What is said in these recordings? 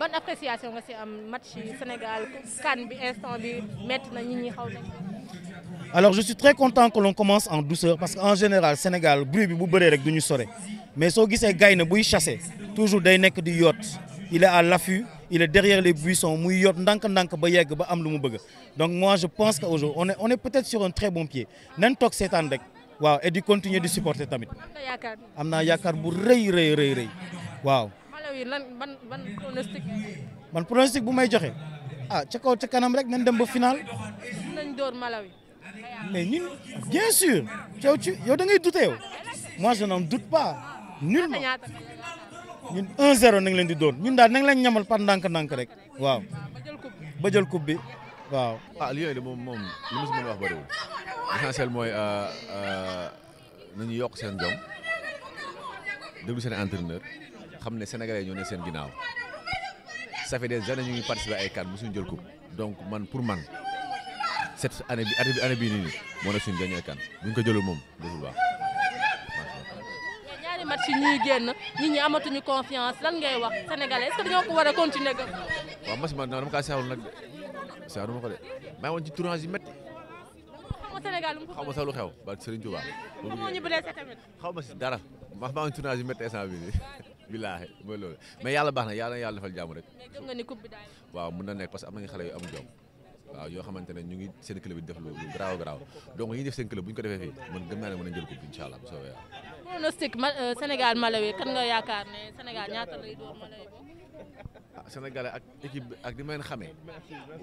ban appréciation nga ci am match Sénégal CAN bi instant bi métti na nit ñi xaw nañ commence en douceur parce que en général Sénégal bruit bi bu bëree rek du ñu sore mais soo gisee gaynde buy chasser toujours day nekk di yoot il est à yi il est derrière les buissons muy yoot ndànk-ndànk ba yegg ba am lu mu bëgg donc moi je pense que aujourd'hui on est on est peut-être sur un très bon pied nan toog seetaan rek waaw et di continuer di supporter tamit am naa yaakaar bu rëy rëy rëy rëy waaw yi lan ban ban man pronostic bu may joxe ah ca kaw ca kanam rek nañ dem ba final. nañ door Malawi. mais ñun bien sûr yow ci yow da ngay douter yow moi je n'en doute pas nul ñun 1-0 nañ leen di doon ñun daal nañ leen ñamal par ndànk-ndànk rek waaw. Ah, ba jël coupe bi waaw. ah Lions de moom moom li ma si mën a wax bëriwul l'essentiel euh, euh, yokk seen jom déglu xam ne sénégalais ñoo ne seen ginnaaw ça fait des ñu ngi participer e ay CAN mosuñu jël coupe donc man pour man cette année bi année bi nii nii moo nekk suñu dernier CAN e bu ñu ko jëlul moom deful baax. amatuñu confiance lan ngay wax sénégalais est ko war a continuer gëm. waaw match man dama kaa seexlu nag seexlu ma ko de maa woon ci tournage yi métti. Sénégal lu mu xaw ma sax lu xew ba Serigne Touba. xaw ma si dara maa maa ngi tournage yu billaahi mooy loolu mais yàlla baax na yàlla na yàlla defal jàmm rek. mais gëm nga ni coupe bi waaw mën na nekk parce que am nañu xale yu am jom waaw yoo xamante ne ñu ngi seen club yi def lu garaaw garaaw donc ñi def seen club bu ñu ko defee fii man gëm naa ne mën a jël coupe bi incha allah bu soobee yàlla. pronostic euh, Sénégal ne door Malawi ah, ak ma leen xamee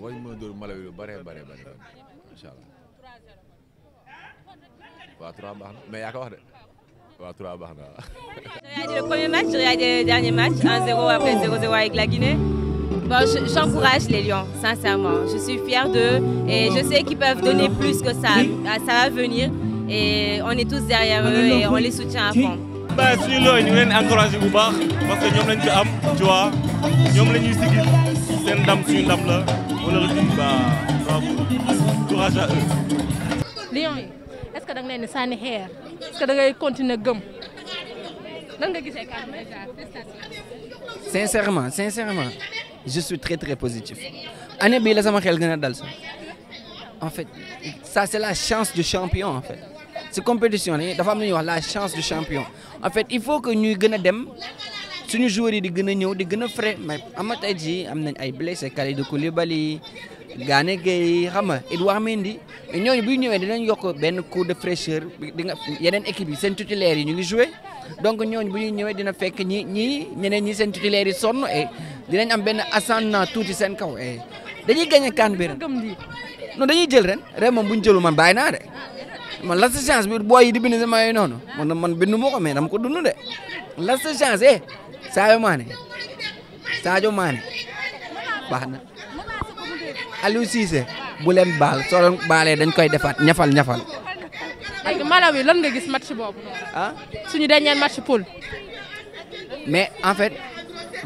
war nañu mën a lu bare bare bare incha allah waaw 3 baax na mais yaa wax de waaw 3 baax na. J'ai réagi le premier match, j'ai réagi le dernier match, 1-0 après 0-0 avec la Guinée. Bon, j'encourage les Lions, sincèrement. Je suis fière d'eux et je sais qu'ils peuvent donner plus que ça. va venir et on est tous derrière eux et on les soutient à fond. ba suñu looy ñu leen encouragé parce que ñoom lañ ko am tu vois ñoom la ñuy sigil seen ndam la on leur dit bah bravo courage à eux. Lions est-ce que da nga leen est-ce que da ngay continuer gëm nan nga gisee sincèrement sincèrement je suis trè trè positif année bii la sama xel gën a dal sax en fait sa c'est la chance du champion en fait si compétition dafa am lu ñuy wax la chance du champion en fait il faut que ñuy gën a dem. suñu joueurs yi di gën a ñëw di gën a frais mais ama tey jii am nañ ay blessé Kalidou Koulibaly Gana Gueye xam nga Edouard di ñooñu bu ñëwee dinañ yokk benn coup de fraîcheur di nga yeneen équipe yi seen titulaires yi ñu ngi joué donc ñooñu bu ñuy ñëwee dina fekk ñi ñi ñeneen ñi seen titulaires yi sonn et dinañ am benn ascendant tuuti seen kaw et dañuy gagné kan bi ren non dañuy jël ren ren moom bu ñu jël man baay naa de man la sa chance bi booy yi di bind sama yooyu noonu man man bindu ma ko mais dama ko la sa eh. Sadio Mané Sadio Mané baax na Aliou Cissé bu leen baal soo leen baalee dañ koy defaat ñafal ñafal. léegi Malawi lan nga gis match boobu. ah suñu dernier match poule. mais en fait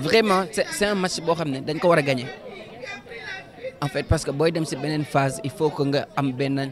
vraiment c' est un boo xam ne dañ ko war a gañe en fait parce que booy dem si beneen phase il faut que nga am benn.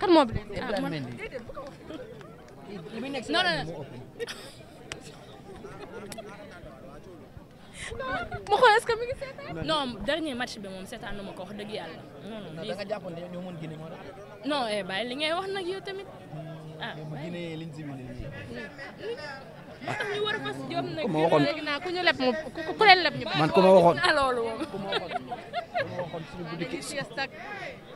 kan moo blessé ah ma xool est dernier match bi moom seetaan na ma ko wax dëgg yàlla. non non da nga jàppoon ne ñoo mën Guinée moo tax. non eh bàyyi li ngay wax nag suñu buddu kii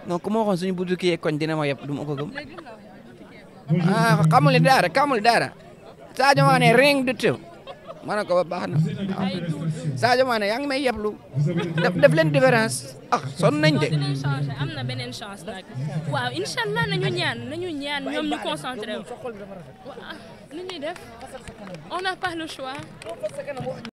non ku ma waxoon suñu dina ma yeb du ma ko gëm. ah xamul dara xamul dara Sadio Mané ring du ma ko ba baax na Sadio Mané yaa ngi may yeblu def leen différence ak son nañ de.